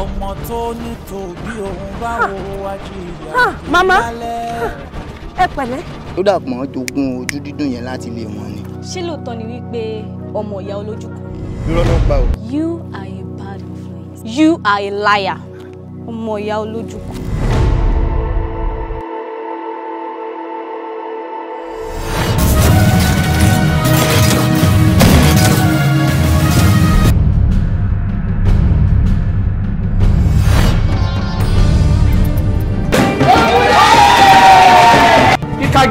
ọmọ tó ní tòbí òun báwo ajíyà ìdálẹ́. ẹ pẹ̀lẹ́. ó dàpọ̀ jogún ojú dídùn yẹn láti ilé wọn ni. ṣé lóòótọ́ ni wípé ọmọ ìyá olójú kan. irọ́ ló ń o. you are a bad influence. you are a liar. ọmọ ìyá olójú kan.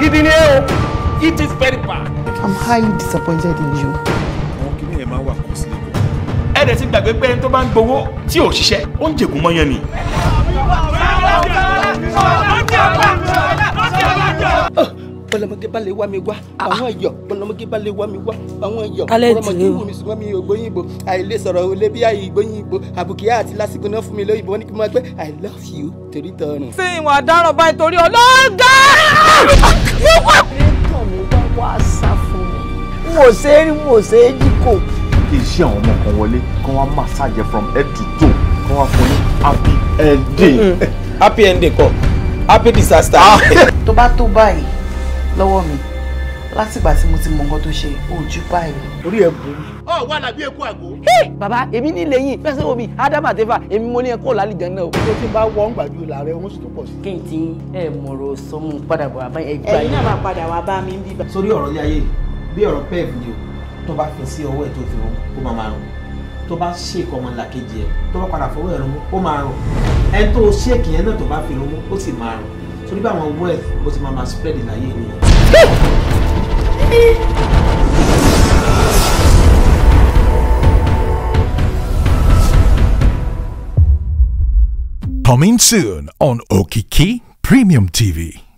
gidi ni ẹ o it is very bad. i'm highly disappointed in you. àwọn kìnìún yẹn máa wà kó sílẹ̀ kó. ẹ dẹ̀ ti gbàgbé pé ẹni tó bá ń gbowó tí ò ṣiṣẹ́ ó ń jẹ̀kú mọ́yán ni. Ah, bọlọmọge ah. bá lè wá mi wá àwọn ẹyọ bọlọmọge bá lè wá mi wá àwọn ẹyọ bọlọmọge wù mí sùnmọ́ mi ògbóyìnbó àìlè sọ̀rọ̀ olè bí àyè ìgbóyìnbó àbùkí àti lásìkò náà fún mi lóyìnbó wọn ni kí n máa gbé i love you torí tọrùn. sí ìwọ̀n àdáràn báyìí torí ọlọ́gá. ṣe rí mo ṣe é jí kì í ṣe àwọn ọmọ kan wọlé kán wá màsáàjẹ from head to toe kán wá fún ní happy ending. happy ending kọ́ happy disaster. Ah! tó bá tó báyìí lọ́wọ́ mi látìgbà tí mo ti mọ nǹkan tó ṣe ojú báyìí. orí ẹ burú. ọ wà lábí eku àgbo. bàbá èmi nílé yín fẹsẹ̀ omi ádámù àtẹ́fà èmi mo ní ẹ̀kọ́ lálejò náà. tó ti bá wọ́n gbàjú la rẹ wọ́n sì tó pọ̀ sí. kéyìn tí ẹ mọ̀rọ̀ sọ́mu padà bọ̀ àbá ẹ ẹ̀yin náà máa padà wá bá mi bíbá. sórí ọ̀rọ̀ yáyé yìí bí ọ̀rọ̀ pev ni o tó bá fi sí ọwọ́ ẹ̀ tó fi rún ó máa máa rún tó bá ṣèkọ ọmọ ńlá kejì ẹ tó bá padà fọwọ́ ẹ̀ rún ó máa rún ẹni tó ṣèkì yẹn náà tó bá fi rún ó sì máa rún torí bí àwọn wealth bó ti máa máa spread láyé ènìyàn. Coming soon on Okiki Premium TV.